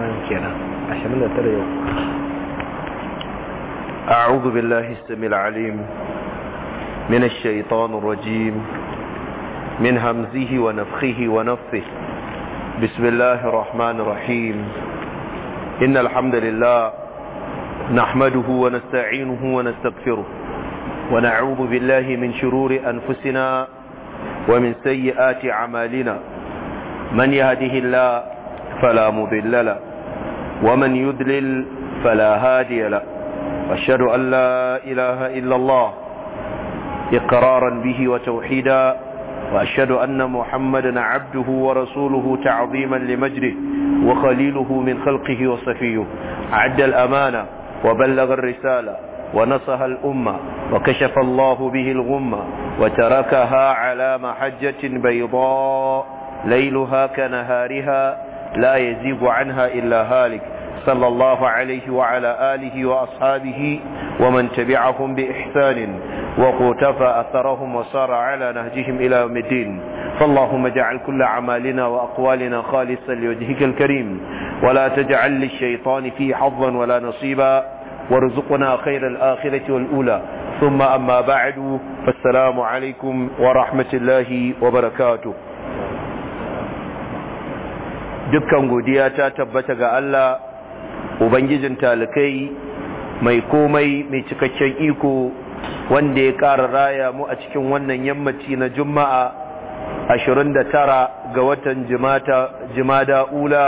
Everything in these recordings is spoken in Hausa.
29 kenan 29 ترى أعوذ بالله السميع العليم من الشيطان الرجيم من همزه ونفخه ونفثه بسم الله الرحمن الرحيم إن الحمد لله نحمده ونستعينه ونستغفره ونعوذ بالله من شرور أنفسنا ومن سيئات أعمالنا من يهده الله فلا مضل له ومن يدلل فلا هادي له واشهد أن لا إله إلا الله إقرارا به وتوحيدا وأشهد أن محمدا عبده ورسوله تعظيما لمجره وخليله من خلقه وصفيه عد الأمانة وبلغ الرسالة ونصها الأمة وكشف الله به الغمة وتركها على محجة بيضاء ليلها كنهارها لا يزيغ عنها إلا هالك صلى الله عليه وعلى آله وأصحابه ومن تبعهم بإحسان وقتفى أثرهم وسار على نهجهم إلى يوم الدين فاللهم اجعل كل عمالنا وأقوالنا خالصا لوجهك الكريم ولا تجعل للشيطان فيه حظا ولا نصيبا وارزقنا خير الآخرة والأولى ثم أما بعد فالسلام عليكم ورحمة الله وبركاته dukkan godiya ta tabbata ga Allah ubangijin talikai mai komai mai cikakken iko wanda ya ƙara raya mu a cikin wannan yammaci na juma'a 29 ga watan jimada ula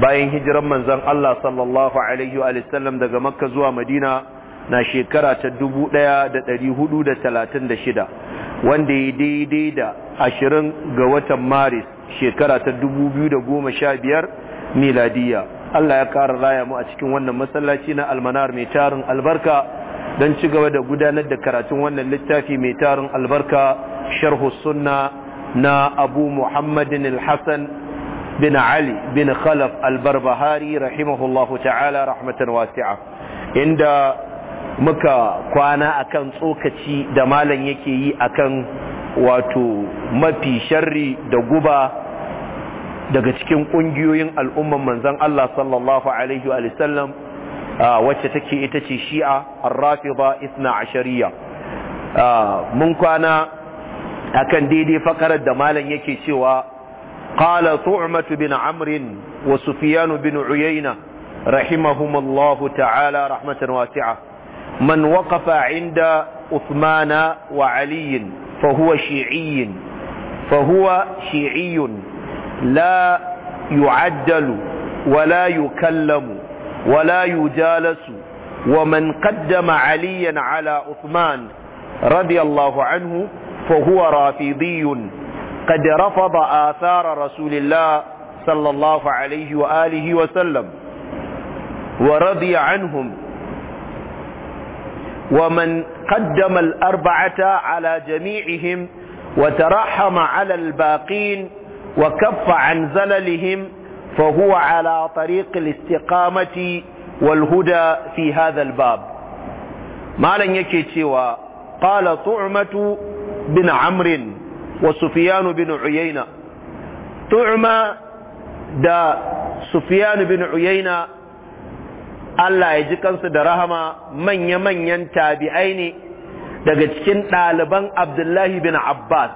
bayan hijiran manzan Allah sallallahu alaihi Wasallam, daga makka zuwa madina na shekara ta 1436 wanda ya daidai da 20 ga watan maris shekara ta da goma sha 2015 miladiya Allah ya kara raya mu a cikin wannan masallaci na almanar mai tarin albarka don ci gaba da gudanar da karatun wannan littafi mai tarin albarka sharhu sunna na abu muhammadin alhassan bin ali bin khalaf albarbahari rahimahullahu ta'ala rahmatan wasi'a inda muka kwana akan tsokaci da malam yake yi akan wato mafi sharri da guba daga cikin ƙungiyoyin al'ummar manzan Allah sallallahu Alaihi wasallam wacce take ita ce shi’a a rafiba isna a shari’a mun kwana a daidai fakarar da malam yake cewa ƙala tsohmatu bin amrin wa sufiyanu bin uyayna rahimahum Allah ta’ala rahmatan wasi'a man waƙafa inda usmana wa aliyin فهو شيعي فهو شيعي لا يعدل ولا يكلم ولا يجالس ومن قدم عليا على عثمان رضي الله عنه فهو رافضي قد رفض آثار رسول الله صلى الله عليه وآله وسلم ورضي عنهم ومن قدم الأربعة على جميعهم وترحم على الباقين وكف عن زللهم فهو على طريق الاستقامة والهدى في هذا الباب ما لن يكي قال طعمة بن عمرو وسفيان بن عيينة طعمة دا سفيان بن عيينة Allah ya ji kansu da rahama manya-manyan tabi'ai ne daga cikin ɗaliban Abdullahi bin Abbas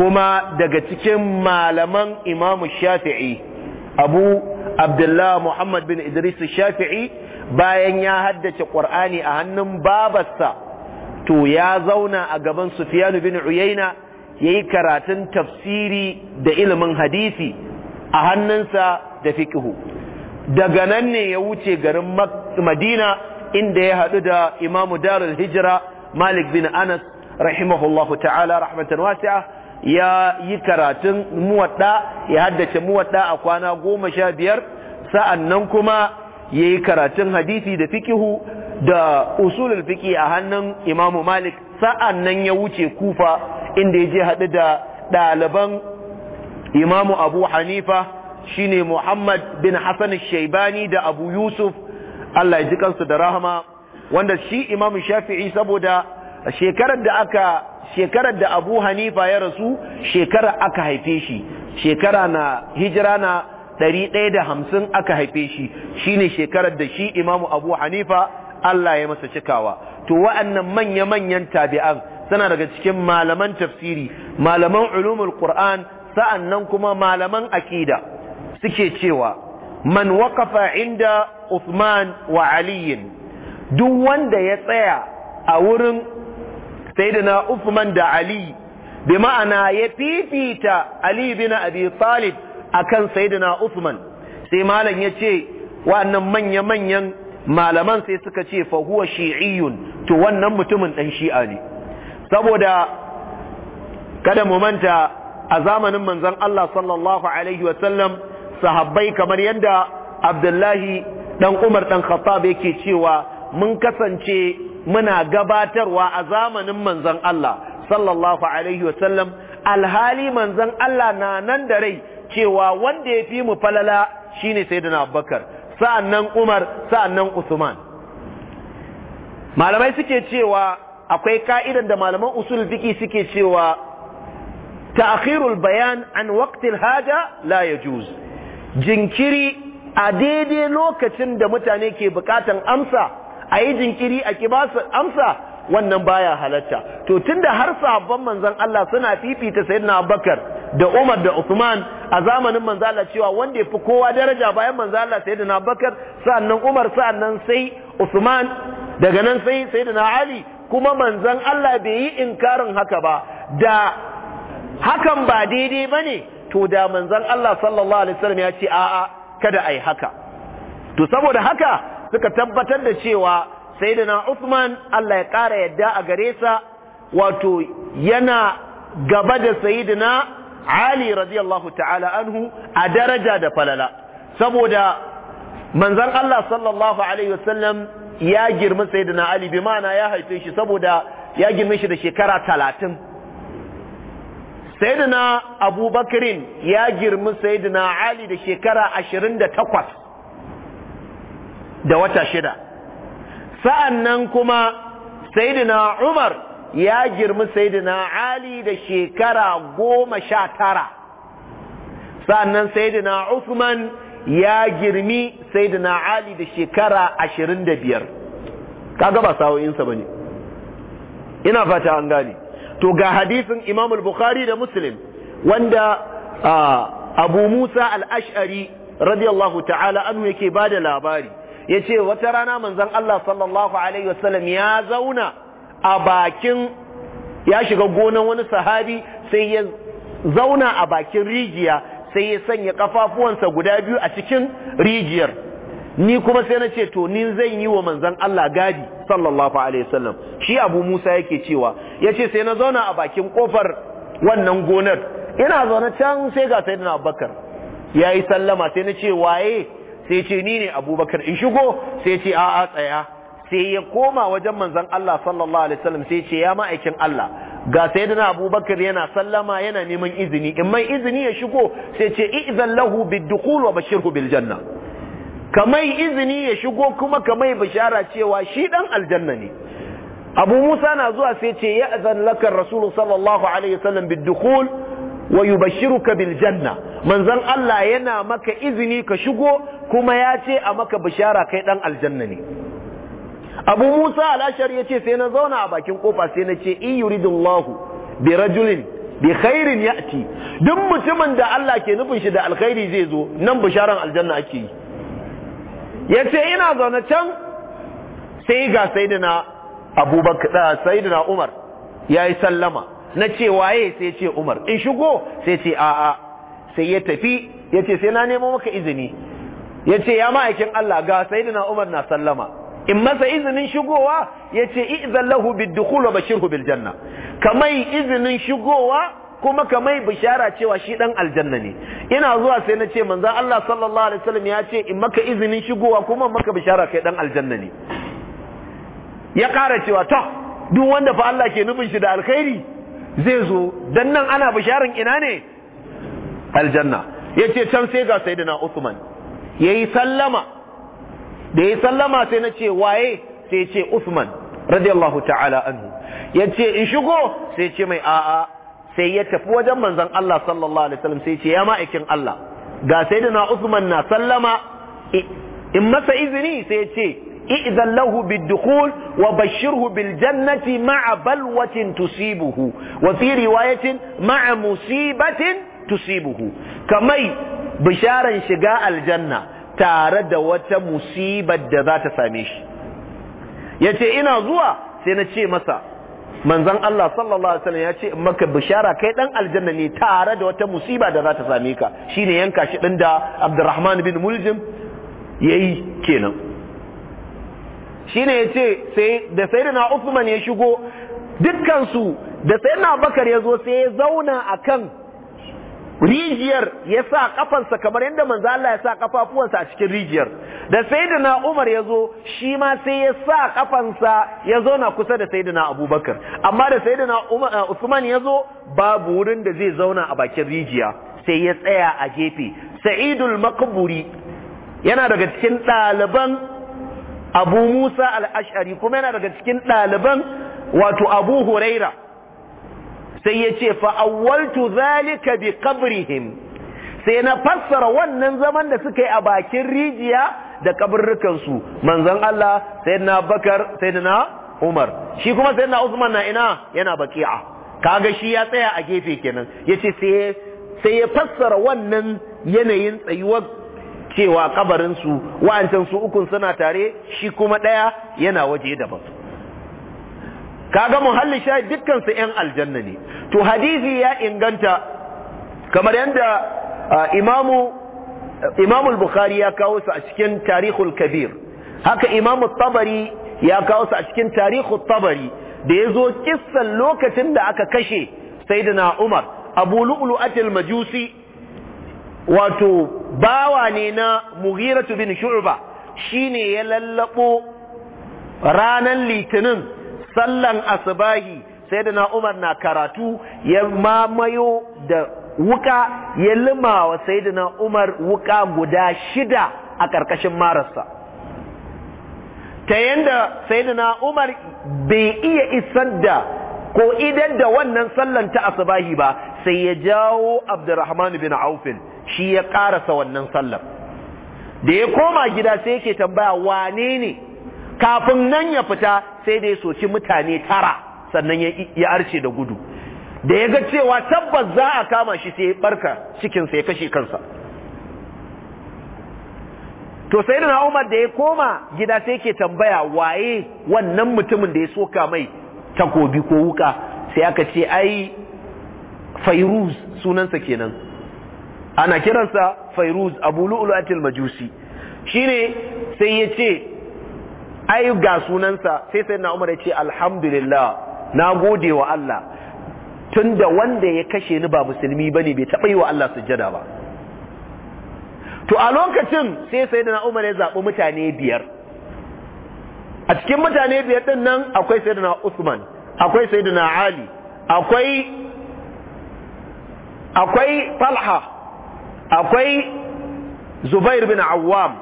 kuma daga cikin malaman Imam Shafi'i Abu Abdullahi Muhammad bin Idris Shafi'i bayan ya haddace Ƙur'ani a hannun babarsa to ya zauna a gaban Sufiyanu bin Uyaina ya yi karatun tafsiri da ilimin hadisi a hannunsa da fiƙihu. daga nan ne ya wuce garin madina inda ya haɗu da imamu darul hijira malik bin anas rahimahullahu ta'ala rahmatan wasi'a ya yi karatun muwadda ya haddace muwadda a kwana goma sha biyar sa'an nan kuma ya yi karatun hadisi da fikihu da usulul fiki a hannun imamu malik sa'an nan ya wuce kufa inda ya je haɗu da ɗaliban imamu abu hanifa shine Muhammad bin Hassan Shaibani da Abu Yusuf Allah ya ji kansu da rahama wanda shi Imam Shafi'i saboda shekarar da aka shekarar da Abu Hanifa ya rasu shekara aka haife shi shekara na hijira na 150 aka haife shi shine shekarar da shi Imam Abu Hanifa Allah ya masa cikawa to wa'annan manya-manyan tabi'an suna daga cikin malaman tafsiri malaman ulumul Qur'an sa'annan kuma malaman aqida suke cewa man waqafa inda Uthman wa aliyin duk wanda ya tsaya a wurin sayyidina Uthman da Ali bi ma'ana ya fifita Ali bin Abi Talib akan sayyidina Uthman sai malam yace wa'annan manya manyan malaman sai suka ce fa huwa shi'iyyun to wannan mutumin dan shi'a ne saboda kada mu manta a zamanin manzon Allah sallallahu alaihi wa sallam sahabbai kamar yadda abdullahi dan umar dan khattab yake cewa mun kasance muna gabatarwa a zamanin manzon Allah sallallahu alaihi wasallam alhali manzon Allah na nan da rai cewa wanda ya fi mu falala shine sayyidina Abubakar sa'annan Umar sa'annan Usman malamai suke cewa akwai ka'idan da malaman usul fiqi suke cewa ta'khirul bayan an waqtil haja la yajuz jinkiri a daidai lokacin da mutane ke bukatan amsa a yi jinkiri a ki basu amsa wannan baya halatta to tunda har sabon manzan Allah suna fifita sayyidina Abubakar da Umar da Usman a zamanin manzon cewa wanda yafi kowa daraja bayan manzon Allah sayyidina Abubakar nan Umar nan sai Usman, daga nan sai sayyidina Ali kuma manzan Allah bai yi inkarin haka ba da hakan ba daidai bane to da manzon Allah sallallahu alaihi wasallam ya ce a'a kada ai haka to saboda haka suka tabbatar da cewa sayyidina Uthman Allah ya kara yadda a gare sa wato yana gaba da sayyidina Ali radiyallahu ta'ala anhu a daraja da falala saboda manzon Allah sallallahu alaihi wasallam ya girma sayyidina Ali bi ma'ana ya haife shi saboda ya girme shi da shekara talatin sayyidina Bakrin ya girmi sayyidina ali da shekara ashirin da wata shida sa'annan kuma sayyidina umar ya girmi sayyidina ali da shekara goma sha tara nan sayyidina usman ya girmi sayyidina ali da shekara ashirin da biyar kaga ba sawoyinsa ne ina fata an gane to ga hadisin Imam al-Bukhari da Muslim wanda Abu Musa al-Ash'ari radiyallahu ta'ala anhu yake bada labari yace wata rana manzon Allah sallallahu alaihi wasallam ya zauna a bakin ya shiga gonan wani sahabi sai ya zauna a bakin rijiya sai ya sanya kafafuwansa guda biyu a cikin rijiyar ni kuma sai na ce to ni zan yi wa manzon Allah gadi sallallahu alaihi wasallam shi Abu Musa yake cewa yace sai na zauna a bakin kofar wannan gonar ina zaune can sai ga sayyidina Abubakar yayi sallama sai na ce waye sai ce ni ne Abubakar in shigo sai ce a a tsaya sai ya koma wajen manzon Allah sallallahu alaihi wasallam sai ce ya ma'aikin Allah ga sayyidina Abubakar yana sallama yana neman izini in mai izini ya shigo sai ce i'zan lahu bid-dukhul wa bashirhu bil janna kamai izini ya shigo kuma kamai bishara cewa shi dan aljanna ne abu musa na zuwa sai ce ya azan lakar rasulun sallallahu alaihi wasallam bidukhul wa yubashshiruka bil janna manzon Allah yana maka izini ka shigo kuma ya ce a maka bishara kai dan aljanna ne abu musa al ya ce sai na zauna a bakin kofa sai na ce in yuridullahu bi rajulin bi khairin ya'ti duk mutumin da Allah ke nufin shi da alkhairi zai zo nan bisharan aljanna ake yi ya ce ina zaune can sai ga saidina abubakar saidina umar ya yi sallama na ce waye sai ce umar in shigo sai ce a'a sai ya tafi ya ce sai na nemo maka izini ya ce ya ma'aikin Allah ga saidina umar na sallama in masa izinin shigowa ya ce i'zan lahu bid dukhul bashirhu kamai izinin shigowa kuma ka mai bishara cewa shi dan aljanna ne ina zuwa sai na ce manzon Allah sallallahu alaihi wasallam ya ce in maka izinin shigowa kuma maka bishara kai dan aljanna ne ya kara cewa to duk wanda fa Allah ke nufin shi da alkhairi zai zo dan nan ana bisharin ina ne aljanna yace can sai ga sayyidina Uthman yayi sallama da yayi sallama sai na ce waye sai ce Uthman radiyallahu ta'ala anhu yace in shigo sai ce mai a'a sai ya tafi wajen manzon Allah sallallahu alaihi wasallam sai ya ce ya ma'aikin Allah ga sayyidina Usman na sallama in masa izini sai ya ce i'zan lahu bid wa bashirhu bil jannati ma'a balwatin tusibuhu wa fi riwayatin ma'a musibatin tusibuhu kamai bisharan shiga aljanna tare da wata musibar da za ta same shi ya ce ina zuwa sai na ce masa Manzan Allah sallallahu alaihi wasallam ya ce maka bishara kai dan aljanna ne tare da wata musiba da za ta same ka shine yanka shi din da Abdurrahman bin Muljim yayi kenan shine yace sai da sayyidina Usman ya shigo dukkan su da sayyidina Bakar ya zo sai ya zauna akan rijiyar ya sa kafansa kamar yadda manzo Allah ya sa kafafuwansa a cikin rijiyar da sayyidina Umar ya zo shi ma sai ya sa kafansa ya zauna kusa da sayyidina Abubakar amma da sayyidina uh, Usman ya zo babu wurin da zai zauna a bakin rijiya sai ya tsaya a gefe Sa'idul Maqburi yana daga cikin ɗaliban Abu Musa al-Ash'ari kuma yana daga cikin ɗaliban wato Abu Huraira sai ya ce fa'awwaltu zalika bi qabrihim sai na fassara wannan zaman da suka yi a bakin rijiya da kaburrukansu manzon Allah na Bakar na Umar shi kuma na Usman na ina yana baki'a kaga shi ya tsaya a gefe kenan ya ce sai ya fassara wannan yanayin tsayuwar cewa kabarinsu su wa'ancan su ukun suna tare shi kuma ɗaya yana waje daban kaga muhalli shayi dukkan su aljanna ne to hadisi ya inganta kamar yadda imamu imamu bukhari ya kawo su a cikin tarihul kabir haka imamu tabari ya kawo su a cikin tarihul tabari da ya zo kissan lokacin da aka kashe sayyidina umar abu lu'lu'atul majusi wato bawa ne na mughiratu bin shu'ba shine ya lallabo ranan litinin sallan asbahi sayyidina Umar na karatu ya mamayo da wuka ya lima wa sayyidina Umar wuka guda shida a ƙarƙashin marasa. ta yanda sayyidina Umar bai iya isar da ko idan da wannan sallan ta asibahi ba sai ya jawo Abdurrahman bin Aufin shi ya karasa wannan sallan da ya koma gida sai yake tambaya wane ne kafin nan ya fita sai da ya soci mutane tara sannan ya arce da gudu da ya ga cewa tabbas za a kama shi sai ya barka cikinsa ya kashe kansa to sai da Umar da ya koma gida sai ke tambaya waye wannan mutumin da ya soka mai takobi ko wuka sai aka ce ai Fairuz sunansa kenan ana kiransa Fairuz Abu Lu'lu'atil Majusi shine sai ya ce ai ga sunansa sai sai na Umar ya ce alhamdulillah na gode wa Allah tun da wanda ya kashe ni ba musulmi ne bai taɓa yi wa Allah sujjada ba to a lokacin sai da Umar ya zaɓi mutane biyar a cikin mutane biyar ɗin nan akwai na Usman akwai na Ali akwai akwai falha akwai Zubair bin Awwam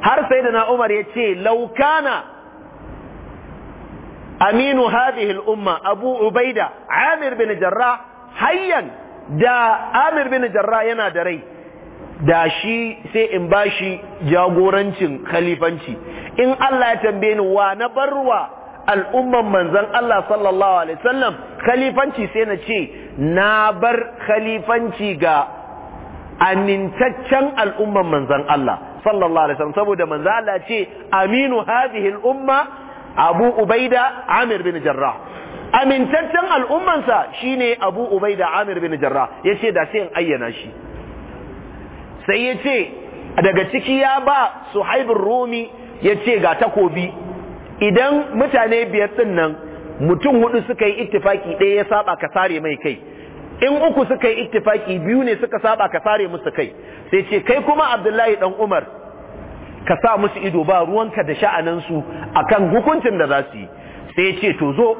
har sai da Umar ya ce laukana aminu hadhihi umma abu ubaida amir bin jarrah hayyan da amir bin jarrah yana da rai da shi sai in bashi jagorancin khalifanci in Allah ya tambaye ni wa na barwa al'umman manzan Allah sallallahu alaihi wasallam khalifanci sai na ce na bar khalifanci ga amintaccen al'umman manzan Allah sallallahu alaihi wasallam saboda manzan Allah ce aminu hadhihi umma abu ubaida amir bin jarrah amintaccen al'ummansa shine abu ubaida amir bin jarrah yace da sai in ayyana shi sai yace daga ciki ya ba romi rumi yace ga takobi idan mutane biyar din nan mutum hudu suka yi ittifaki ɗaya ya saba ka sare mai kai in uku suka yi ittifaki biyu ne suka saba ka sare musu kai sai ce kai kuma abdullahi dan umar ka sa musu ido ba ruwanka da sha'anansu kan hukuncin da za su yi sai ce to zo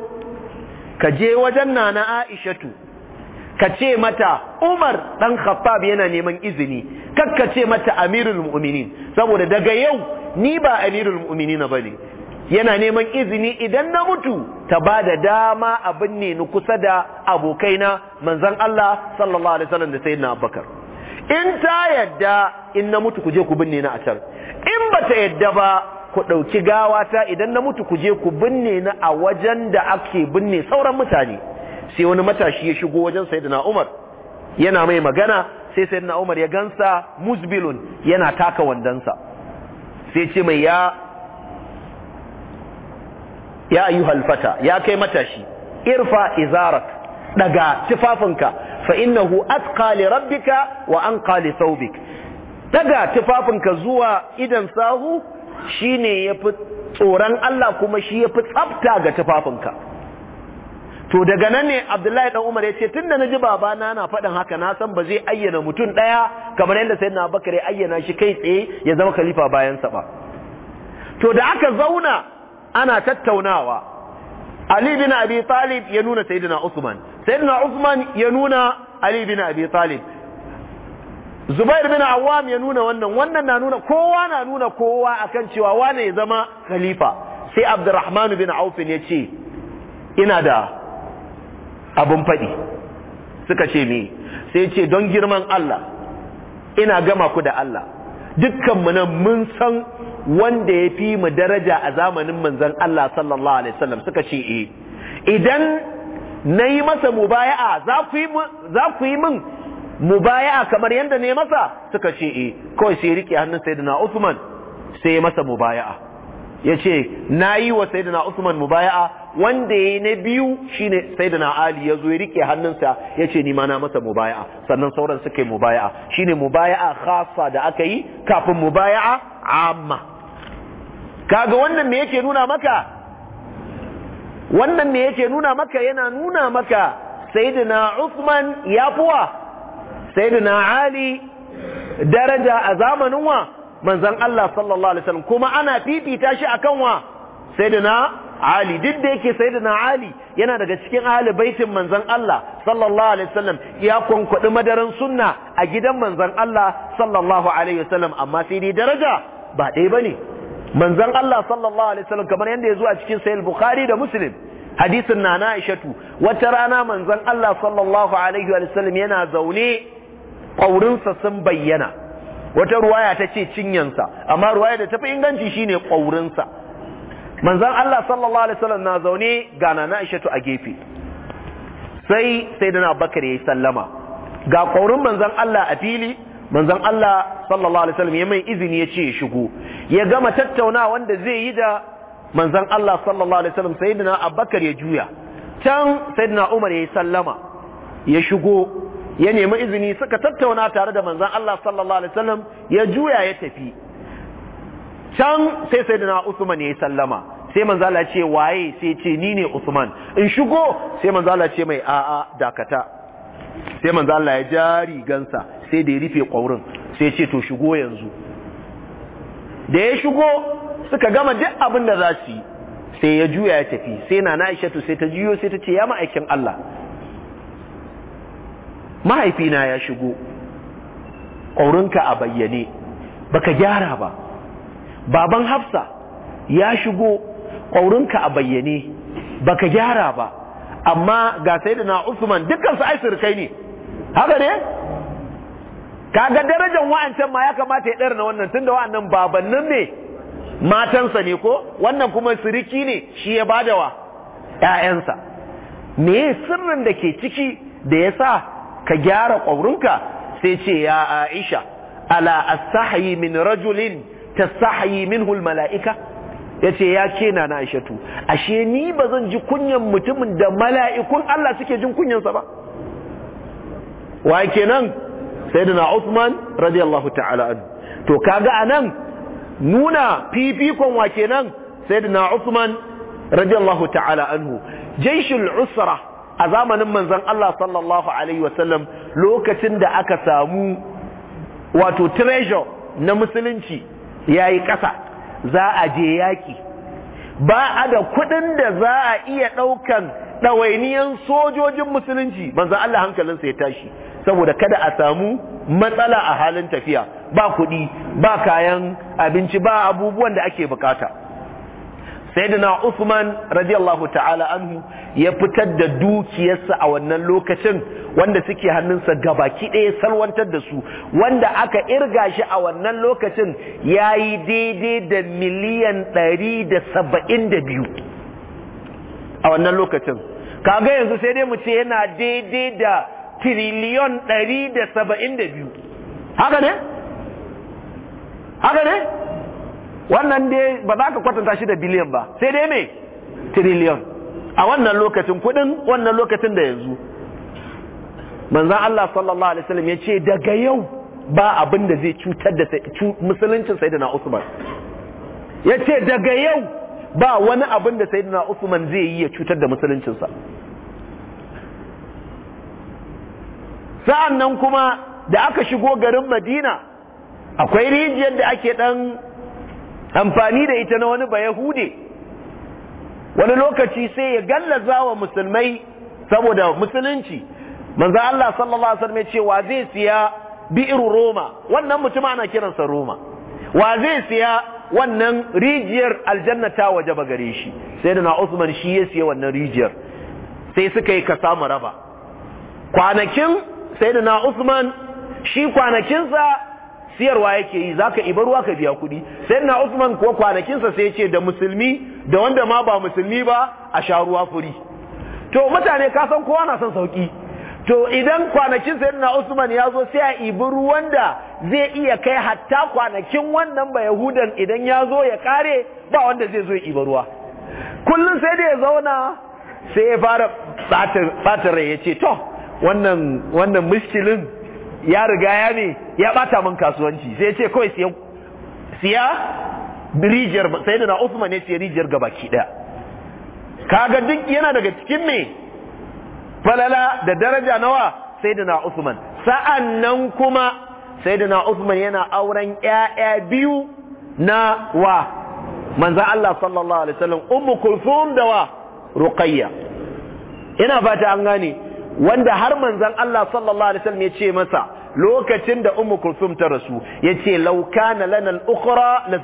ka je wajen nana aishatu ka ce mata umar dan khattab yana neman izini kakka ce mata amirul mu'minin saboda daga yau ni ba amirul mu'minin bane yana neman izini idan na mutu ta ba da dama abin ne ni kusa da abokaina manzon Allah sallallahu alaihi wasallam da sayyidina Abubakar in ta yadda in na mutu kuje ku binne na a can in ba ta yadda ba ku ɗauki ta idan na mutu kuje ku binne na a wajen da ake binne sauran mutane sai wani matashi ya shigo wajen sayyidina Umar yana mai magana sai sayyidina Umar ya gansa musbilun yana taka wandansa sai ce mai ya ya ayyuhal fata ya kai matashi irfa izarak daga tufafinka fa innahu atqa li rabbika wa anqa li thawbik daga tufafinka zuwa idon sahu shine yafi tsoron Allah kuma shi yafi tsafta ga tufafinka to daga nan ne Abdullahi dan Umar yace tunda naji babana na faɗin haka na san ba zai ayyana mutum daya kamar yadda sayyidina Abubakar ya ayyana shi kai tsaye ya zama khalifa bayan sa ba to da aka zauna ana tattaunawa Ali bin Abi Talib ya nuna sayyidina Usman sayyidina Uthman ya nuna Ali bin Abi Talib Zubair bin Awwam ya nuna wannan wannan na nuna kowa na nuna kowa akan cewa wane ya zama khalifa sai Abdurrahman bin Auf ya ce ina da abun faɗi suka ce me sai ce don girman Allah ina gama ku da Allah dukkanmu nan mun san wanda ya fi mu daraja a zamanin manzon Allah sallallahu alaihi wasallam suka ce eh idan na yi masa mubaya'a za ku yi min mubaya'a kamar yadda ne masa suka ce e kawai sai rike hannun sayyidina Usman sai masa mubaya'a yace nayi wa sayyidina Usman mubaya'a wanda yayi na biyu shine sayyidina Ali yazo ya rike hannunsa yace ni ma na masa mubaya'a sannan sauran suka yi mubaya'a shine mubaya'a khassa da aka yi kafin mubaya'a amma kaga wannan me yake nuna maka wannan me yake nuna maka yana nuna maka sayyidina Uthman ya fuwa sayyidina Ali daraja a zamanin wa manzon Allah sallallahu alaihi wasallam kuma ana fifita shi akan wa sayyidina Ali duk da yake sayyidina Ali yana daga cikin ahli baitin manzon Allah sallallahu alaihi wasallam ya kunkuɗi madaran sunna a gidan manzon Allah sallallahu alaihi wasallam amma sai daraja ba ɗaya bane Manzan Allah sallallahu alaihi wasallam kamar yadda ya zuwa cikin sahih bukhari da muslim hadisin na na aishatu wata rana manzan Allah sallallahu alaihi wasallam yana zaune ƙaurinsa sun bayyana wata ruwaya ta ce cinyansa amma ruwaya da tafi inganci shine ƙaurinsa Manzan Allah sallallahu alaihi wasallam na zaune ga na na aishatu a gefe sai sai dana bakar yi sallama ga ƙaurin manzan Allah a fili manzan Allah sallallahu alaihi wasallam ya mai izini ya ce ya shigo ya gama tattauna wanda zai yi da manzan Allah sallallahu alaihi wasallam sayyidina ya juya can sayyidina Umar ya sallama ya shigo ya nemi izini suka tattauna tare da manzan Allah sallallahu alaihi wasallam ya juya ya tafi can sai sayyidina Usman ya sallama sai manzo Allah ce waye sai ce ni ne Usman in shigo sai manzo Allah ce mai a'a dakata sai manzo Allah ya ja rigansa sai da ya rufe kwaurin sai ce to shigo yanzu da ya shigo suka gama duk abin da za su yi sai ya juya ya tafi sai na na sai ta juyo sai ta ce ya ma'aikin Allah mahaifina ya shigo ƙaurinka a bayyane baka gyara ba baban hafsa ya shigo ƙaurinka a bayyane baka gyara ba amma ga sai da na usman dukkan su ai surukai ne haka ne kaga darajar wa'ancan ma ya kamata ya ɗara na wannan tunda wa'annan babannin ne matansa ne ko wannan kuma siriki ne shi ya bada wa ‘ya'yansa me sirrin da ke ciki da ya sa ka gyara ƙwaurinka sai ce ya aisha ala astahayi min rajulin tastahayi minhu mala'ika yace yace ya kena na aishatu ashe ni bazan ji kunyan mutumin da mala'ikun Allah suke jin kunyansa ba wa kenan sayyidina Uthman radiyallahu ta'ala anhu to kaga anan nuna fifikon wa kenan sayyidina Uthman radiyallahu ta'ala anhu jaishul usra a zamanin manzon Allah sallallahu alaihi wasallam lokacin da aka samu wato treasure na musulunci yayi kasa za a je yaki ba a da kudin da za a iya daukan ɗawainiyan sojojin musulunci manzan Allah hankalinsa ya tashi saboda kada a samu matsala a halin tafiya ba kuɗi ba kayan abinci ba abubuwan da ake bukata sayyidina Usman radiyallahu ta'ala anhu ya fitar da dukiyarsa a wannan lokacin wanda suke hannunsa gabaki ɗaya salwantar da su wanda aka irga shi a wannan lokacin yayi daidai da miliyan 172 biyu a wannan lokacin kaga yanzu sai dai mu ce yana daidai da tiriliyon ɗari da saba'in da biyu haka ne? haka ne? wannan dai ba za ka kwatanta shi da biliyan ba sai dai mai tiriliyon a wannan lokacin kudin wannan lokacin da yanzu manzan Allah sallallahu Alaihi wasallam ya ce daga yau ba abin da zai cutar da musuluncin sai da na usman ya ce daga yau ba wani abin da sai da na usman zai yi ya cutar da musuluncinsa sa'an nan kuma da aka shigo garin madina akwai rijiyar da ake ɗan amfani da ita na wani bayahude wani lokaci sai ya gallaza wa musulmai saboda musulunci manzo Allah sallallahu alaihi wasallam ya ce wa zai siya bi'ru Roma wannan mutum ana kiransa Roma wa zai siya wannan rijiyar aljannata waje ba gare shi sai da Usman shi ya siya wannan rijiyar sai suka yi kasa raba kwanakin sayyidina Usman shi kwanakinsa siyarwa yake yi zaka ibaruwa ruwa ka biya kuɗi sayyidina Usman ko kwanakinsa sai yace da musulmi da wanda ma ba musulmi ba a sha ruwa furi to mutane ka san kowa na son sauki to idan kwanakin sayyidina Usman ya zo sai a ibi ruwan da zai iya kai hatta kwanakin wannan ba Yahudan idan ya zo ya kare ba wanda zai zo ya iba ruwa kullun sai da ya zauna sai ya fara batar rai ya ce to wannan wannan mushkilin ya riga ya ne ya bata min kasuwanci sai ce kawai siya siya rijiyar sai da na Usman ce siya rijiyar ga baki daya kaga duk yana daga cikin me falala da daraja nawa sai da na Usman sa'annan kuma sai da na Usman yana auren yaya biyu na wa manzan Allah sallallahu alaihi wasallam ummu kulthum da wa ruqayya ina fata an gane wanda har manzon Allah sallallahu alaihi wasallam ya ce masa lokacin da ummu kulsum ta rasu yace law kana lana al-ukhra la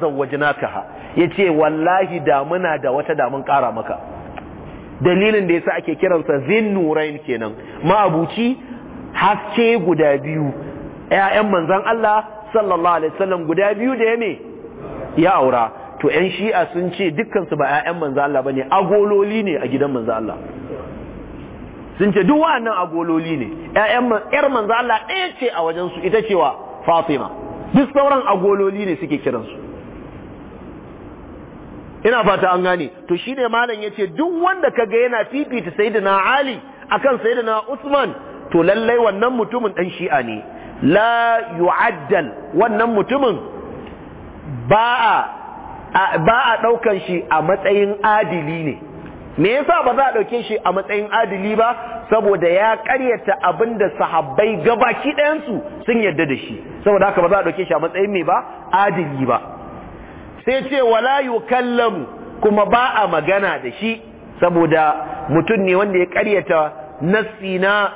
Ya yace wallahi da muna da wata da mun kara maka dalilin da ya sa ake kiransa zin nurain kenan ma'abuci haske guda biyu 'ya'yan manzon Allah sallallahu alaihi wasallam guda biyu da yame ya aura to ƴan shi'a sun ce dukkan ba 'ya'yan manzon Allah bane agololi ne a gidan manzon Allah sun ce duk wa'annan agololi ne yayan ƴar manzo Allah ɗaya ce a wajen su ita cewa Fatima duk sauran agololi ne suke kiransu ina fata an gane to shi shine malam ce duk wanda kaga yana fifita sayyidina Ali akan sayyidina Usman to lallai wannan mutumin dan shi'a ne la yu'addal wannan mutumin ba a ba shi a matsayin adili ne me yasa ba za a ɗauke shi a matsayin adili ba saboda ya ƙaryata abin da sahabbai gabaki ɗayansu sun yarda da shi saboda haka ba za a ɗauke shi a matsayin me ba adili ba sai ce wala yukallamu kuma ba a magana da shi saboda mutum ne wanda ya ƙaryata nassi na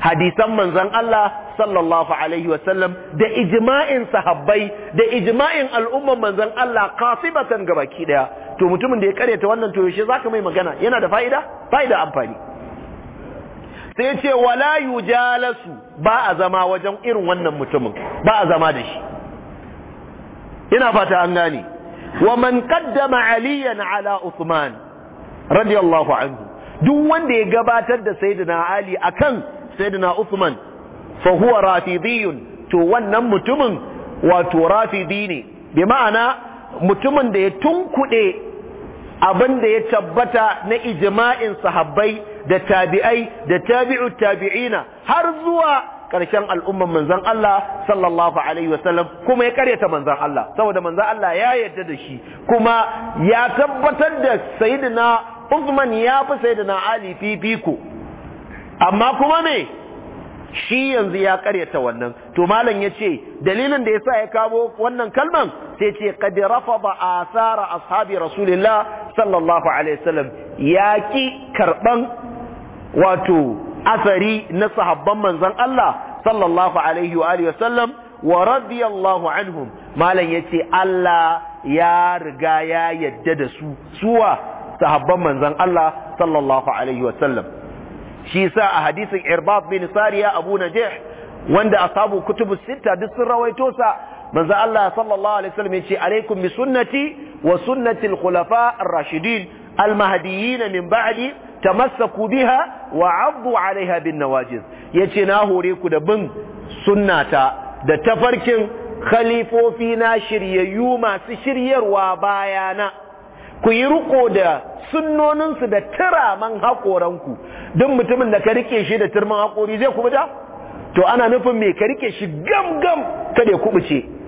hadisan manzon Allah sallallahu alaihi wasallam da ijma'in sahabbai da ijma'in al'umman manzon Allah kasibatan gabaki ɗaya to mutumin da ya ta wannan to yaushe zaka mai magana yana da fa'ida fa'ida amfani sai ya ce wala yujalasu ba a zama wajen irin wannan mutumin ba a zama da shi ina fata an gane wa man qaddama aliyan ala Usman radiyallahu anhu duk wanda ya gabatar da sayyidina ali akan sayyidina Usman fa huwa rafidiyun to wannan mutumin wato rafidi ne bi ma'ana mutumin da ya tunkuɗe abin da ya tabbata na ijima'in sahabbai da tabi'ai da tabi'u tabi'ina har zuwa ƙarshen al'umman manzan Allah sallallahu alaihi sallam kuma ya karyata manzan Allah saboda manzan Allah ya yarda da shi kuma ya tabbatar da sayyidina Uthman ya fi sayyidina Ali fifiko amma kuma me shi yanzu ya karyata wannan to malam yace dalilin da yasa ya kawo wannan kalman sai ce qad rafada athara ashabi rasulillah sallallahu alaihi wasallam yaki karban wato asari na sahabban manzon Allah sallallahu alaihi wa alihi wasallam wa radiyallahu anhum malam yace Allah ya riga ya yadda da su suwa sahabban manzon Allah sallallahu alaihi wasallam shi yasa a hadisin Irbad bin Sariya Abu Najih wanda asabu kutubu sita duk sun rawaito sa manzo Allah sallallahu alaihi wasallam yace alaikum bi sunnati wa sunnati al-khulafa ar-rashidin al-mahdiyyin min ba'di tamassaku biha wa 'addu 'alayha bin nawajiz yace na hore ku da bin sunnata da tafarkin khalifofi na shiryayyu masu shiryarwa bayana ku yi riko da sunnoninsu da tiraman haƙoranku don mutumin da ka rike shi da tarman haƙori zai kubuta to ana nufin mai ka rike shi gam gam kada ya kubuce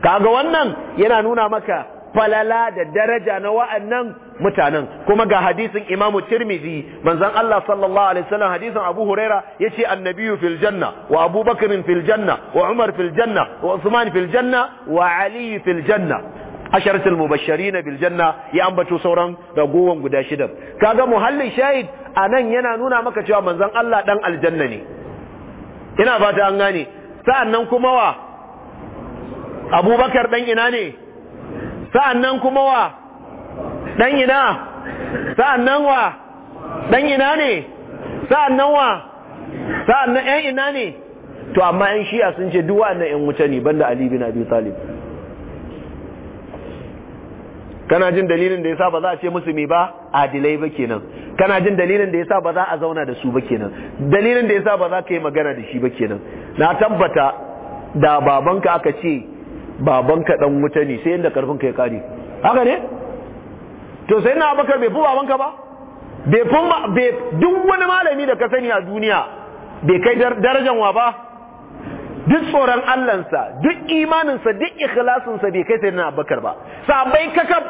kaga wannan yana nuna maka falala da daraja na wa'annan mutanen kuma ga hadisin Imam Tirmidhi manzon Allah sallallahu alaihi wasallam hadisin Abu Huraira yace annabiyyu fil janna wa Abu Bakr fil janna wa Umar fil janna wa Uthman fil janna wa Ali fil janna asharatul mubashirin bil janna ya ambato sauran ragowan guda shida kaga muhallin shahid anan yana nuna maka cewa manzon Allah dan aljanna ne ina fata an gane sa'annan kuma wa abubakar dan ina ne sa'annan kuma wa dan ina sa'annan wa dan ina ne sa'annan wa sa'annan yan ina ne to amma yan shi'a sun ce duk na yan wuce ne banda ali bin abi talib kana jin dalilin da yasa ba za a ce musu me ba adilai ba kenan kana jin dalilin da yasa ba za a zauna da su ba kenan dalilin da yasa ba za ka yi magana da shi ba kenan na tabbata da babanka aka ce ka dan wuta ne sai yadda ka ya kare haka ne to sai na abakar bai fi baban ka ba bai fi duk wani malami da ka sani a duniya bai kai darajan wa ba duk tsoron allansa duk imaninsa duk ikhlasinsa bai kai sai na abakar ba sabai kakab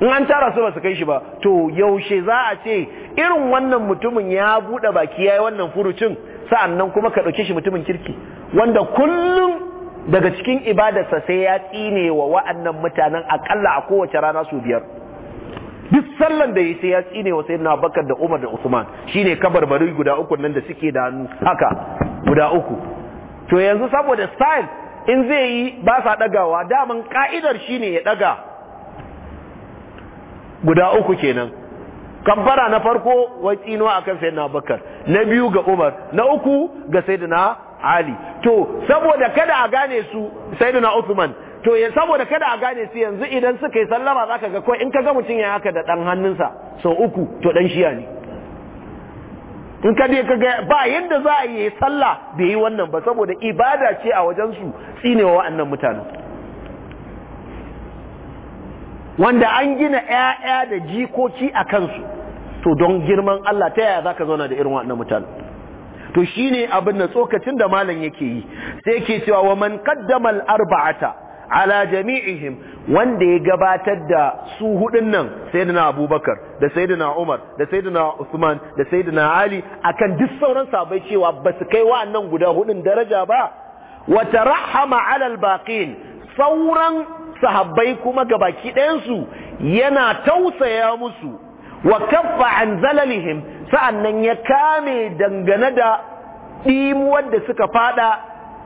in an tara su ba su kai shi ba to yaushe za a ce irin wannan mutumin ya bude baki ya yi wannan furucin sa'annan kuma ka ɗauke shi mutumin kirki wanda kullum daga cikin ibadarsa sai ya tsine wa wa'annan mutanen akalla a kowace rana su biyar duk sallan da ya sai ya tsine wa sayyidina Abubakar da Umar da Usman shine kabarbari guda uku nan da suke da hannu haka guda uku to yanzu saboda style in zai yi ba sa dagawa daman ka'idar shine ya daga guda uku kenan kambara na farko wai tsino akan sayyidina Abubakar na biyu ga Umar na uku ga sayyidina ali to saboda kada a gane su sayyidina Uthman to ya saboda kada a gane su yanzu idan suka yi sallama zaka ga ko in ka ga mutum ya haka da dan hannunsa sau uku to dan shiya ne in ka je ka ga ba yadda za a yi sallah bai yi wannan ba saboda ibada ce a wajen su tsinewa wa'annan mutanen wanda an gina ƴaƴa da jikoki a kansu to don girman Allah ta yaya zaka zauna da irin wa'annan mutanen to shine abin da tsokacin da malam yake yi sai ke cewa wa man qaddama arba'ata ala jami'ihim wanda ya gabatar da su hudun nan sayyidina abubakar da sayyidina umar da sayyidina usman da sayyidina ali akan duk sauran sabai cewa ba su kai wa'annan guda hudun daraja ba Wata tarahama ala baƙin sauran sahabbai kuma gabaki ɗayansu yana tausaya musu wa kaffa an zalalihim sa'an nan ya kame dangane da ɗimuwar da suka fada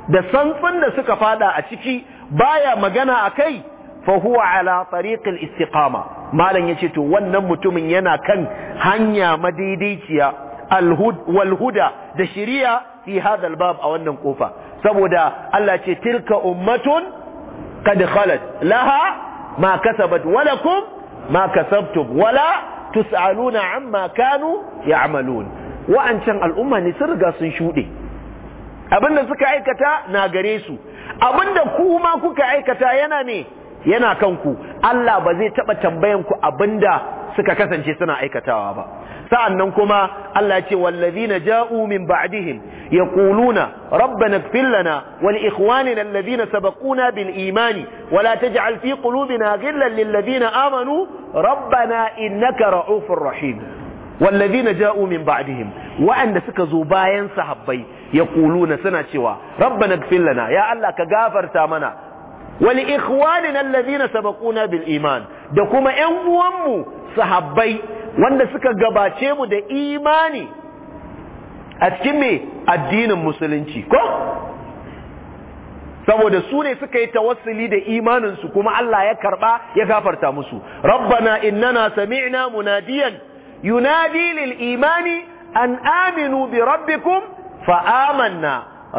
da santsin da suka fada a ciki baya magana a kai fahuwa ala tariqil istiqama malam ce to wannan mutumin yana kan hanya madaidaiciya alhud walhuda da shiriya fi hada albab a wannan kofa saboda Allah ce tilka ummatun qad khalat laha ma kasabat wa ma kasabtum wala tus'aluna amma kanu ya'malun wa'ancan al'umma ne sun riga sun shuɗe abinda suka aikata na gare su abinda kuma kuka aikata yana ne yana kanku Allah ba zai taɓa tambayan ku abinda suka kasance suna aikatawa ba sa'annan kuma Allah ce ce wallazina ja'u min ba'dihim yaquluna rabbana na lana wa li ikhwanina alladhina sabaquna bil imani wa la taj'al fi na ghillan ladina amanu rabbana ka ra'ufin rahim wallazina ja'u min ba'dihim wa'anda suka zo bayan sahabbai yaquluna suna cewa rabba ighfir lana ya Allah ka gafarta mana wa li ikhwanina alladhina sabaquna bil imani da kuma ‘yan uwanmu sahabbai wanda suka gabace mu da imani a cikin mai addinin musulunci ko saboda su ne suka yi tawassuli da imaninsu kuma Allah ya karba ya gafarta musu rabbana innana sami'na munadiyan yunadi lil imani an aminu bi rabbikum fa amanna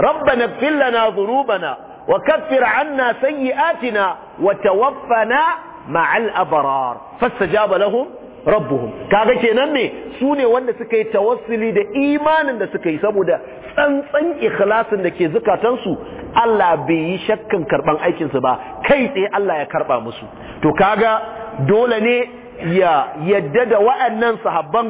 rabbana fillana lana dhunubana wa kaffir anna sayyi'atina wa tawaffana ma'al abrar fastajaba lahum rabbuhum kaga kenan me su ne wanda suka yi tawassuli da imanin da suka yi saboda tsantsan ikhlasin da ke zukatansu Allah bai yi shakkan karban aikinsu ba kai tsaye Allah ya karɓa musu to kaga dole ne ya yadda da wa'annan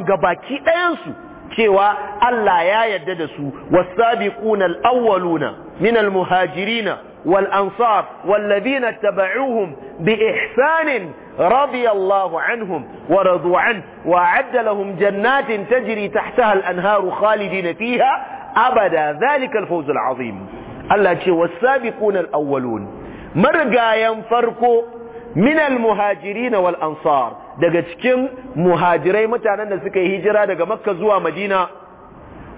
ga baki ɗayansu cewa Allah ya yadda da su wasabiquna al-awwaluna min muhajirina والأنصار والذين اتبعوهم بإحسان رضي الله عنهم ورضوا عنه وأعد لهم جنات تجري تحتها الأنهار خالدين فيها أبدا ذلك الفوز العظيم الله والسابقون الأولون مرقا فرقوا من المهاجرين والأنصار daga cikin مهاجرين متى da suka هجرة hijira daga makka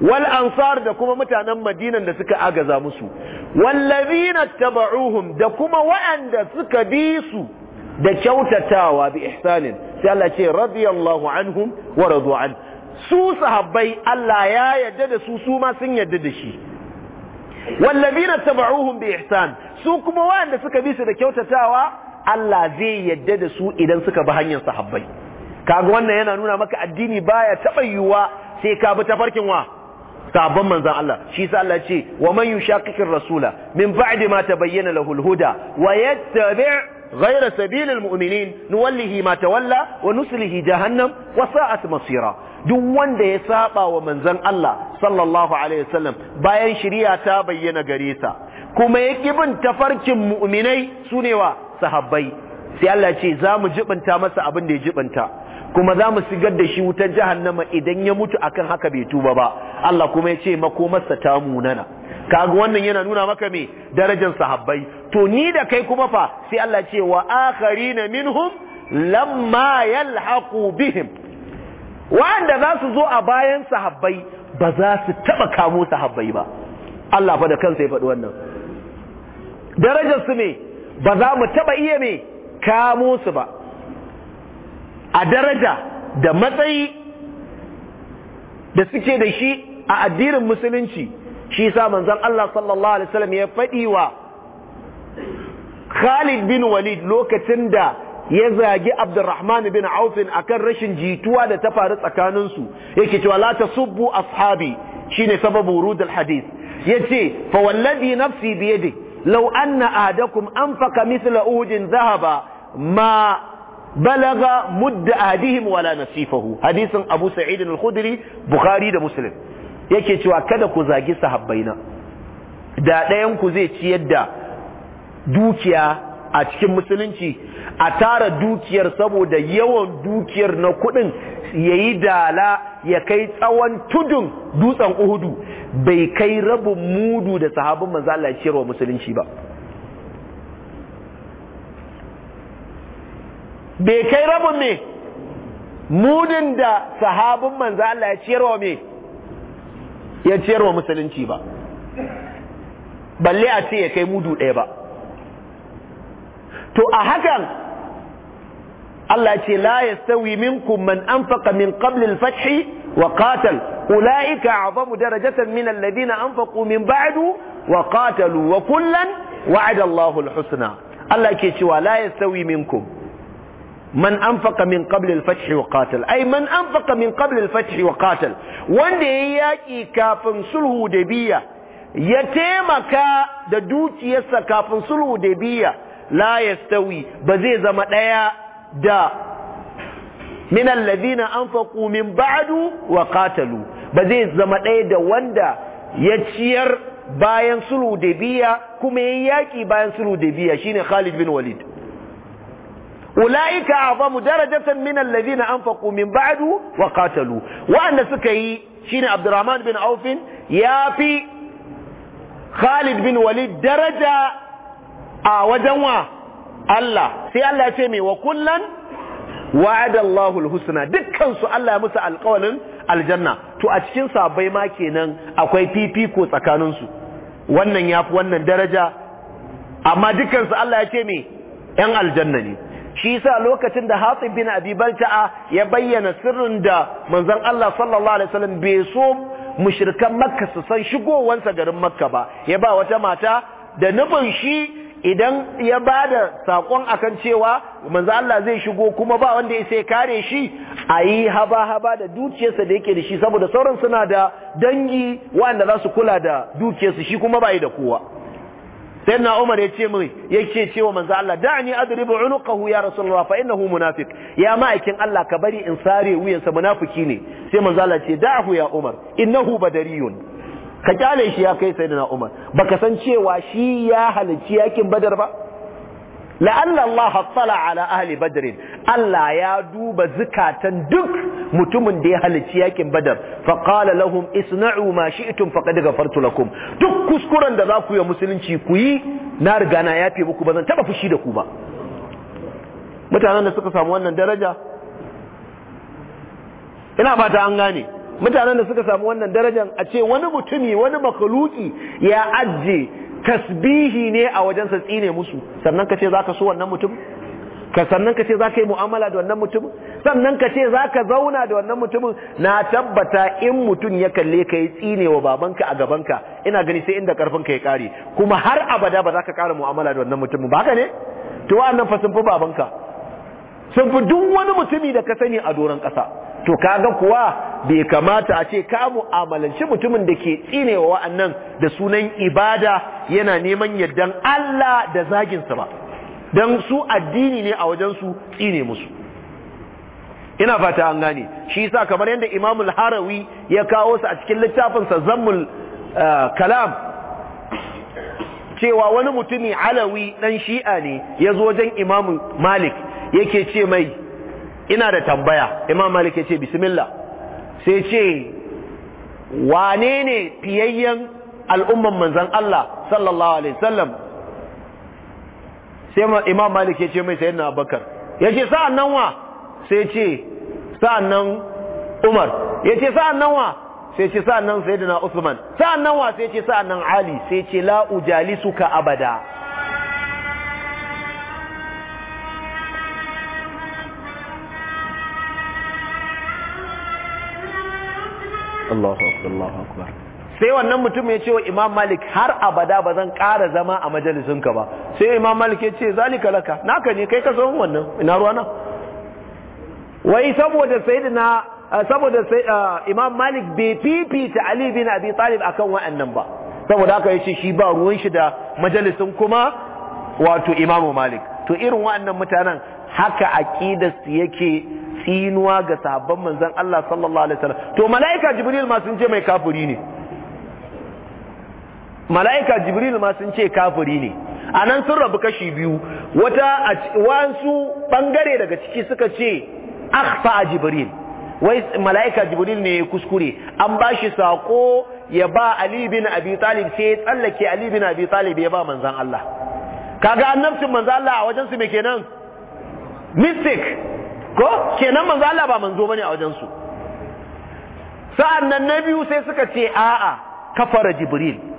wal ansar da kuma mutanen madinan da suka agaza musu wallazina taba'uhum da kuma waɗanda suka bi su da kyautatawa bi ihsanin sai Allah ce radiyallahu anhum wa radu su sahabbai Allah ya yadda da su su ma sun yadda da shi wallazina taba'uhum bi ihsan su kuma waɗanda suka bi su da kyautatawa Allah zai yadda da su idan suka bi hanyar sahabbai ga wannan yana nuna maka addini baya taɓa yiwuwa sai ka bi tafarkin wa Sabon manzan Allah shi sa Allah ce wa man yushaqiqir rasula min ba'di ma tabayyana lahu al-huda wa yattabi' غير سبيل المؤمنين نوله ما تولى ونسله جهنم وساءت مصيرا duk wanda ya saba wa manzon Allah sallallahu alaihi wasallam bayan shari'a ta bayyana gare sa kuma ya kibin tafarkin mu'minai sune wa sahabbai sai Allah ce zamu jibinta masa abin da ya jibinta kuma za mu sigar da shi wutar jahannama idan ya mutu akan haka bai tuba ba Allah kuma ya ce makomarsa ta munana kaga wannan yana nuna maka me darajar sahabbai to ni da kai kuma fa sai Allah ce wa akharina minhum lamma yalhaqu bihim wanda za su zo a bayan sahabbai ba za su taba kamo sahabbai ba Allah fa da kansa ya faɗi wannan darajar su ne ba za mu taba iya me kamo su ba a daraja da matsayi da suke da shi a addinin musulunci shi sa manzon Allah sallallahu alaihi wasallam ya faɗi wa Khalid bin Walid lokacin da ya zagi Abdurrahman bin Auf akan rashin jituwa da ta faru tsakanin su yake cewa la tasubbu ashabi shine sababu wurud alhadith yace fa wallazi nafsi yadi law anna ahadakum anfaqa mithla uhudin dhahaba ma balaga mudda ahadihim wala nasifahu hadisin abu sa'id al-khudri bukhari da muslim yake cewa kada ku zagi sahabbaina da ɗayan ku zai ciyar da dukiya a cikin musulunci a tara dukiyar saboda yawan dukiyar na kuɗin yayi dala ya kai tsawon tudun dutsen uhudu bai kai rabin mudu da sahabin manzo Allah ciyarwa musulunci ba bai kai rabin me munin da sahabin manzo Allah ya ciyarwa me ya ciyarwa musulunci ba balle a ce ya kai mudu ɗaya ba to a hakan Allah ce la yastawi minkum man anfaqa min qabl al wa katal ulaika a'zamu darajatan min an anfaqu min ba'adu wa katalu wa kullan wa'ada al-husna Allah ke cewa la yastawi minkum man anfaqa min qabl al-fath wa qatal ay man anfaqa min qabl al-fath wa qatal wanda yayi yaki kafin sulhu biya ya taimaka da dukiyarsa kafin sulhu biya la yastawi ba zai zama daya da min alladhina anfaqu min ba'du wa qatalu ba zai zama daya da wanda ya ciyar bayan sulhu biya kuma yayi yaki bayan sulhu da biya shine Khalid bin Walid ulaika azamu darajatan min alladhina anfaqu min ba'du wa qatalu wa'anda suka yi shine Abdurrahman bin Auf ya fi Khalid bin Walid daraja a wajen wa Allah sai Allah ya ce me wa kullan wa'ada Allahu al-husna dukkan su Allah ya musu alƙawarin aljanna to a cikin sabai ma kenan akwai fifiko tsakanin su wannan yafi wannan daraja amma dukkan su Allah ya ce me yan aljanna ne shi yasa lokacin da Hatib bin Abi Balta'a ya bayyana sirrin da manzon Allah sallallahu alaihi wasallam bai so mushrikan Makka su san shigowansa garin Makka ba ya ba wata mata da nufin shi idan ya bada sakon akan cewa manzon Allah zai shigo kuma ba wanda ya kare shi a yi haba haba da dukiyarsa da yake da shi saboda sauran suna da dangi wanda za su kula da dukiyarsa shi kuma bai da kowa sai na umar ya ce mai yake cewa manzo Allah da'ani adribu unuqahu ya rasulullah fa innahu munafiq ya ma'aikin Allah ka bari in sare wuyansa munafiki ne sai manzo Allah ce da'ahu ya umar innahu badariyun ka kyale shi ya kai sayyidina umar baka san cewa shi ya halici yakin badar ba la'alla Allah hattala ala ahli badr Allah ya duba zikatan duk mutumin da ya halicci yakin badar fa qala lahum isna'u ma shi'tum faqad ghafartu lakum duk kuskuren da za ku yi musulunci ku yi na riga na yafe muku ba zan taba fushi da ku ba mutanen da suka samu wannan daraja ina fata an gane mutanen da suka samu wannan darajan a ce wani mutumi wani makaluki ya ajje tasbihi ne a wajensa tsine musu sannan ka ce za ka so wannan mutum ka sannan ka ce za ka yi mu'amala da wannan mutumin sannan ka ce za ka zauna da wannan mutumin na tabbata in mutum ya kalle ka yi tsine wa babanka a gabanka ina gani sai inda karfinka ya kare kuma har abada ba za ka kara mu'amala da wannan mutumin ba haka ne to wa'annan fa sun fi babanka sun fi duk wani mutumi da ka sani a doron ƙasa to ka ga kuwa bai kamata a ce ka mu'amalanci mutumin da ke tsinewa wa'annan da sunan ibada yana neman yardan Allah da zaginsa ba don su addini ne a wajensu tsine musu ina fata an gane shi sa kamar yadda imamul harawi ya kawo su a cikin littafinsa zammul eh, kalam cewa wani mutumi alawi dan shi'a ne ya zo wajen imamu malik yake ce mai ina da tambaya imam malik ya ce bismillah sai ce wane ne fiyayyen al'umman manzan Allah sallallahu alaihi sallam. sai imam malik ya ce mai Sayyidina na ya ce sa'an nan wa sai ce sa'an nan umar ya ce sa'an nan wa sai ce sa'an nan sayi usman sa'an nan wa sai ce sa'an nan ali sai ce la'ujali suka abada Allahu akbar Allahu akbar sai wannan mutum ya ce wa imam malik har abada ba zan ƙara zama a majalisinka ba sai imam malik ya ce zalika laka naka ne kai ka zo wannan ina ruwa na wai saboda sayyidina eh, saboda eh, imam malik bai fifita ali bin abi talib akan wa'annan ba saboda haka yace shi ba ruwan shi da majalisun kuma wato imam malik to irin wa'annan mutanen haka aqidar su yake tsinuwa ga sahabban manzon Allah sallallahu alaihi wasallam to malaika jibril ma sun ce mai kafiri ne mala'ika jibril ma sun ce kafiri ne a nan sun rabu kashi biyu wata wasu ɓangare daga ciki suka ce akhfa a jibril wai mala'ika jibril ne kuskure an ba shi saƙo ya ba ali bin abi talib sai tsallake ali bin abi talib ya ba manzan Allah kaga annabcin manzan Allah a wajen su me kenan mistake ko kenan manzan Allah ba manzo bane a wajen su sa'an nan na biyu sai suka ce a'a kafara jibril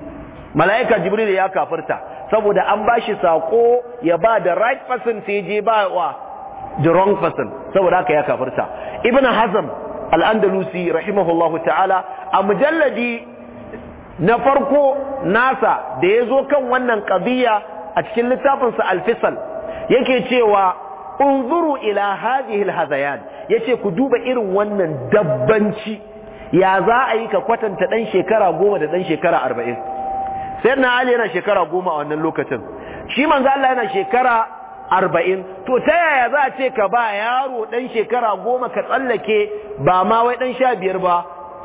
mala'ika jibril ya kafirta saboda an bashi sako ya ba da right person sai je ba wa the wrong person saboda haka ya kafirta ibn hazm al-andalusi rahimahullahu ta'ala a mujalladi na farko nasa da ya zo kan wannan qadiya a cikin littafinsa al-fisal yake cewa unzuru ila hadhihi al-hazayan yace ku duba irin wannan dabbanci ya za a yi ka kwatanta dan shekara goma da dan shekara arba'in na ali yana shekara goma a wannan lokacin shi manzo Allah yana shekara arba'in to ta yaya za a ce ka ba yaro dan shekara goma ka tsallake ba ma wai dan sha biyar ba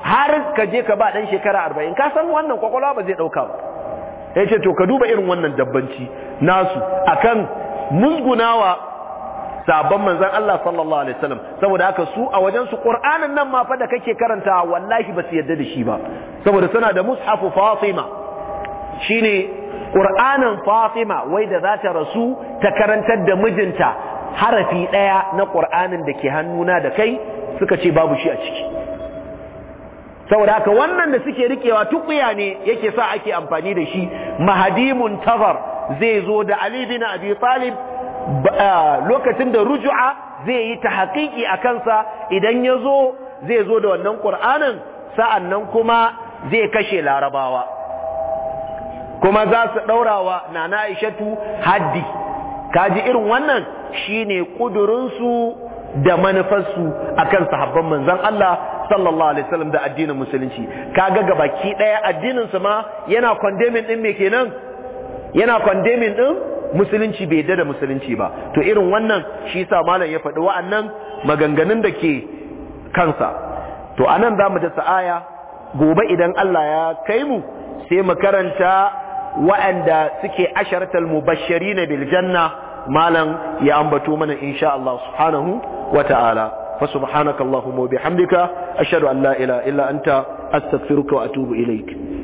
har ka je ka ba dan shekara arba'in ka san wannan kwakwalwa ba zai ɗauka ba ya ce to ka duba irin wannan dabbanci nasu akan musgunawa sabon manzan Allah sallallahu alaihi wasallam saboda haka su a wajen su Qur'anin nan ma fa da kake karanta wallahi ba su yadda da shi ba saboda suna da mushafu Fatima shine Qur'anin Fatima wai da zata rasu ta karantar da mijinta harafi ɗaya na Qur'anin da ke hannuna da kai suka ce babu shi a ciki saboda haka wannan da suke rikewa tukuya ne yake sa ake amfani da shi Mahadimun tafar zai zo da Ali bin Abi Talib lokacin da rujua zai yi ta tahqiqi a kansa idan ya zo zai zo da wannan Qur'anin sa'annan kuma zai kashe larabawa kuma za su ɗaurawa na na aishatu haddi kaji irin wannan shi ne ƙudurinsu da manufarsu a kan sahabban manzon Allah sallallahu alaihi wasallam da addinin musulunci kaga gabaki ɗaya addinin su ma yana kwandamin ɗin mai kenan yana ɗin musulunci bai da musulunci ba to irin wannan shi sa malam ya faɗi wa'annan maganganun da ke kansa to anan mu dasa sa'aya gobe idan Allah ya kai mu sai mu karanta waɗanda suke asharatar mubashirin na biljanna malam ya ambato mana insha Allah subhanahu wa ta'ala fa subhanakallahumma wa bihamdika ashhadu an illa anta astaghfiruka wa atubu ilaik